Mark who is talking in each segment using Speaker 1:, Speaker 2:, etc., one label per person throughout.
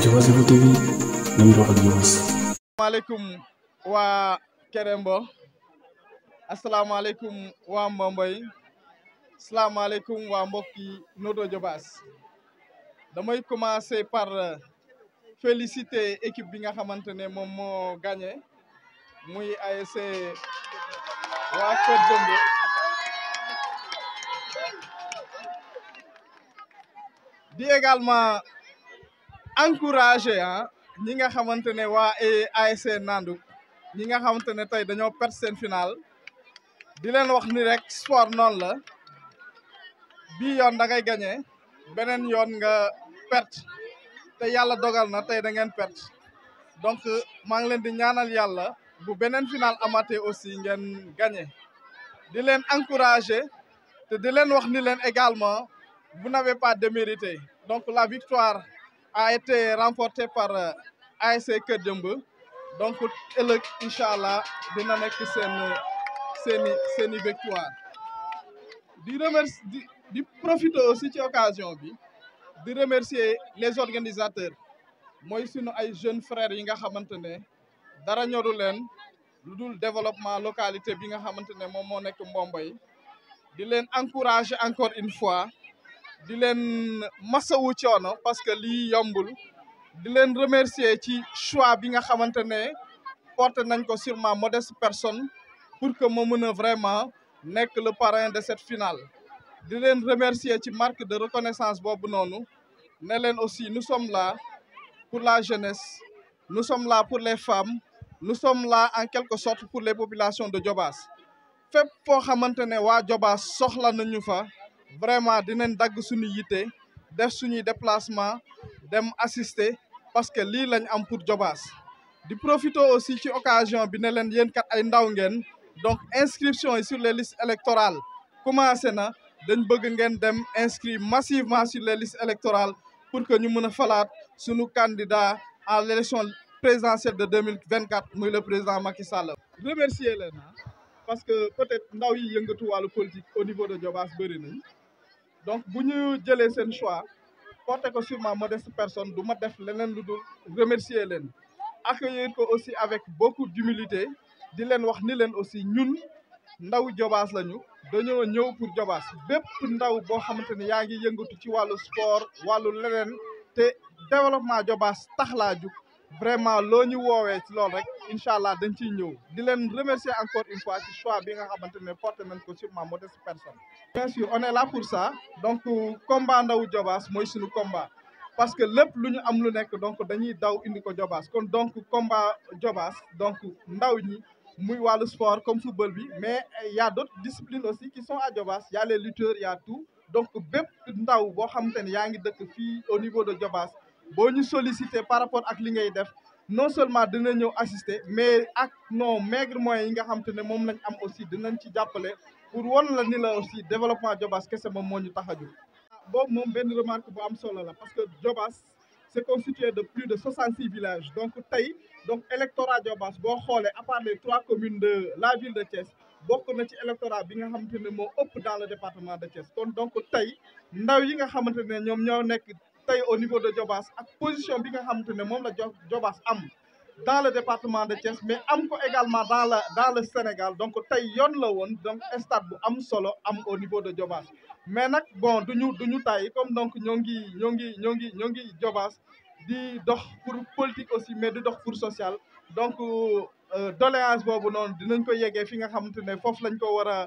Speaker 1: Diouassifou TV nañ doxal Diowass. asalaamaaleykum waa Kerembo asalaamaaleykum waa Mbomboy asalaamaaleykum waa mbokki Noto Diobass damay commencer par féliciter équipe bi nga xamante ne moom gagné muy ASC Kër Dombe di également. encouragé hein. ñi nga xamantene wa waa ASC Ndandouk ñi nga xamantene tay tey dañoo perte final di len wax ni rek sport non la bi yon da ngay gagner Benen yon nga perte te yalla dogal na tay da ngeen perte donc ma ngi len di ñaanal yalla bu benen final amate aussi ngeen gagner di len encouragé te di len wax ni len également vous n'avez pas démérité donc la victoire a été remporté par euh, ASC Kër donc il Inch'Allah, allah dina nekk victoire di victoire. Je profite aussi de occasion de remercier les organisateurs Moi je ay jeunes frères yi nga xamante dara le développement localité bi nga xamante ne moom encourager encore une fois di merci à coono parce que li yombul di len remercier ci choix bi nga xamantene ne porté nañ ko sur ma modeste personne pour que mon monde vraiment que le parrain de cette finale di remercie remercier ci marque de reconnaissance bobu noonu ne len aussi nous sommes là pour la jeunesse nous sommes là pour les femmes nous sommes là en quelque sorte pour les populations de jobas fépp foo xamantene wa waa soxla nañu fa vraiment dinañ dag suñu yité def suñu déplacement dem assister parce que li lañ am pour jobas di profiter aussi ci occasion bi ne leen yeen kat ay ndaw ngeen donc inscription sur les listes électorales commencé na dañ bëgg ngeen dem inscrit massivement sur les listes électorales pour que ñu puissions falat suñu candidat à l'élection présidentielle de 2024 le président Macky Sall. remercier leen parce que peut-être ndaw yi yëngatu wàllu politique au niveau de Jobas bëri nañ donc bu ñu jëlee seen choix porté ko sur ma modeste personne du ma def leneen lu dul remercier leen accueillir ko aussi avec beaucoup d'humilité di leen wax ni leen aussi ñun ndaw jobaas lañu dañoo ñëw pour jobaas bépp ndaw boo xamante ni yaa ngi yëngatu ci wàllu sport wàllu leneen te développement jobaas tax laa vraiment loo ñu woowee ci loolu rek incha allah dañ ciy ñëw di leen remercier encore une fois ci choix bi nga xamante ne porté nañ ko sur ma modeste personne. bien sûr on est pour ça donc combat ndawu Jobaas mooy suñu combat parce que lépp lu ñu am lu nekk donc dañuy daw indi ko Jobaas kon donc combat Jobaas donc ndaw ñi muy wàllu sport comme football bi mais y a d'autres aussi qui son à Jobaas y a les tout donc bépp ndaw boo xamante ne yaa ngi dëkk fii au niveau de Jobaas. nous ñu sollicité par rapport ak li ngay def non seulement de nous assister mais ak non maigre moyens yi nga xam te lañ am aussi nañ ci jappalé pour won la ni la aussi développement jobas kessé mom moo ñu tax a jóg ah, boobu remarque bu am solo la parce que Jobas, c'est constitué de plus de 66 villages donc tay donc électorat Jobas, bo xolé à part les trois communes de la ville de Thiès bokk na ci électorat bi nga xamante ne dans le département de Thiès donc donc tay ndaw yi nga xamante ne ñoom ñoo nek au niveau de Jobas, la position bi nga xamante la dans le département de Thiès mais également dans dans le Sénégal donc am solo am au niveau de Jobas. mais bon nous duñu comme donc ñongi ñongi ñongi ñongi Jobas, pour politique aussi mais di dox pour social donc euh, doléance bobu non dinañ ko fi nga xamantene lañ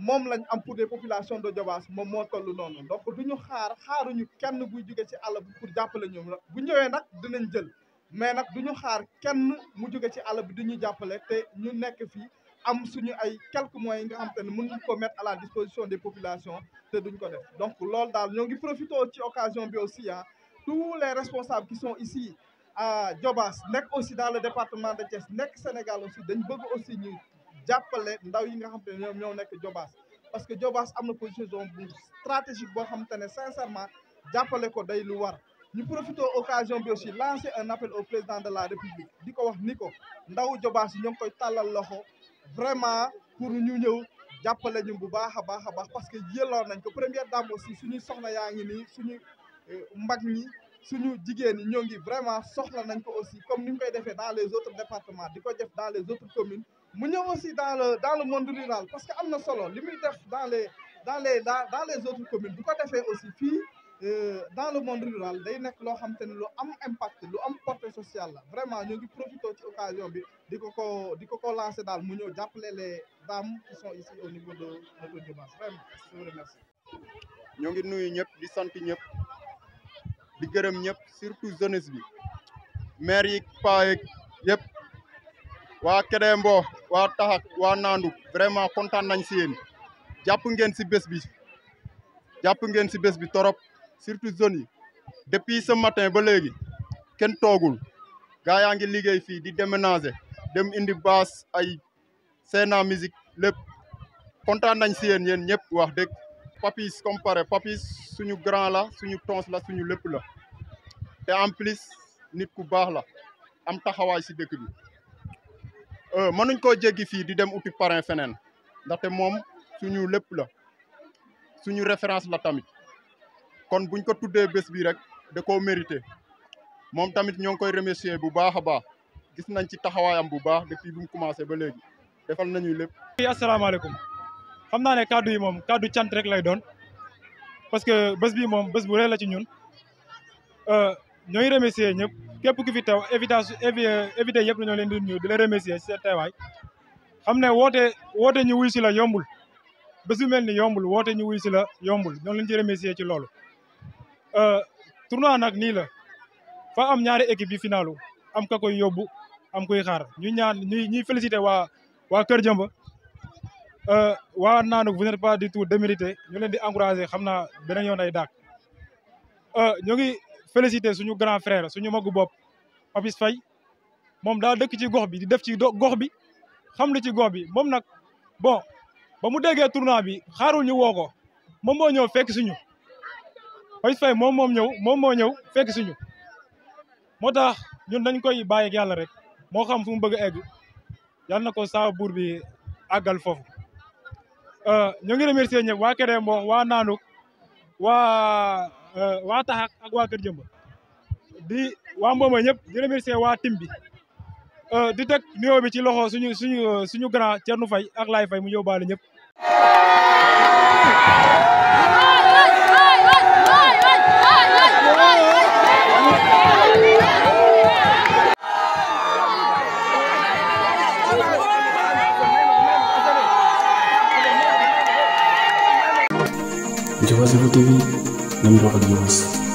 Speaker 1: mom lañ am pour des populations de Diobass moom moo toll noonu donc duñu xaar xaaruñu kenn buy jóge ci Allah bi pour jappalé ñoom bu ñëwé nak dinañ jël mais nak duñu xaar kenn mu jóge ci Allah bi duñu jappalé té ñu nekk fi am suñu ay quelques moyens nga xam tane mënu ko mettre à la disposition des populations té duñ ko def donc lool dal ñoo ngi profité ci occasion bi aussi ah tous les responsables qui sont ici à Diobass nekk aussi dans le département de Thiès nekk Sénégal aussi dañ bëgg aussi ñu jàppale ndaw yi nga xam te ñoo nek jobas parce que jobas amna position stratégique bo xam te sincèrement jàppale ko day lu war ñu profité occasion bi aussi lancer un appel au président de la république diko wax niko ndaw jobas ñong koy talal loxo vraiment pour ñu ñëw jàppale ñu bu baaxa baaxa baax parce que yelloon nañ ko première dame aussi suñu soxna yaangi ni suñu euh, mbag ni suñu jigéen ñi ñoo ngi vraiment soxla nañ ko aussi comme ni ñu koy défé dans les autres départements diko def dans les autres communes mu ñëw aussi dans le dans le monde rural parce que am na solo li def dans les dans les dans les autres communes bu ko defee aussi euh, dans le monde rural day nekk loo xam te ne am impact lu am portée sociale vraiment nous ngi profité ci occasion bi di ko ko di ko ko lancé mu ñëw les dames qui sont ici au niveau de de Diobass vraiment je vous remercie. sommes
Speaker 2: ngi nuyu ñëpp di sant ñëpp di gërëm ñëpp surtout jeunesse bi Mère, yi paa waa Kédembo wa Taxak wa Nandu vraiment content nañ si yeen japp ngeen si bés bi japp ngeen ci bés bi torop surtout zone yi depuis ce matin ba léegi togul ga liggéey di déménager dem indi bass ay sena musique lepp content nañ ci yeen yeen ñëpp wax Papis comparé Papis suñu grand la suñu tons la suñu lepp la té en plus nit ku baax la am taxaway si dëkk bi Euh, mënuñ koo jéggi fii di dem uti parrain feneen ndaxte moom suñu lépp la suñu référence la tamit kon buñ ko tuddee bés bi rek da koo mérité moom tamit ñoo ngi koy remercier bu baax a baax gis nañ ci taxawaayam
Speaker 3: bu baax depuis bi mu commencé ba léegi defal nañuy lépp. asalaamaaleykum xam naa ne kaddu yi moom kaddu cant rek lay doon parce que bés bi moom bés bu rëy la ci ñun. Euh, ñoo ngi remercier ñëpp képp ku fi teew évidence évité yëpp la ñoo leen di nuyu di la remercier si seen xam ne woote woote ñu wuy si la yombul bés bu mel ni yombul woote ñu wuy si la yombul ñoo leen ci remercier ci loolu euh, tournoi nag nii la fa am ñaari équipe yi finalu am ka koy yóbbu am kuy xaar ñu ñaan ñuy ñuy félicité waa waa Kër Jëmba euh, waa naanuk vous n'êtes pas du tout démérité ñu leen di encouragé xam na beneen yoon ay daak félicité suñu grand frère suñu magu bopp Papis Faye moom daa dëkk ci gox bi di def ci gox bi xam lu ci gox bi moom nag bon ba mu déggee tournoi bi xaarul ñu woo ko moom moo ñëw fekk suñu Papis Faye moom moom ñëw moom moo ñëw fekk suñu moo tax ñun dañ koy bàyyi ak rek moo xam fu mu bëgg egg yàlla na ko saa buur bi àggal foofu euh, ñu ngi remercier ñëpp waa Kédé Mbox waa Naanuk waa euh, waa Taxax ak waa Kër Jëmb di waa Mboma ñëpp di remercier waa tim bi euh, di teg nuyoo bi ci loxo suñu suñu euh, suñu grand Thierno fay ak Laye fay mu yóbbaale ñëpp. Lembra de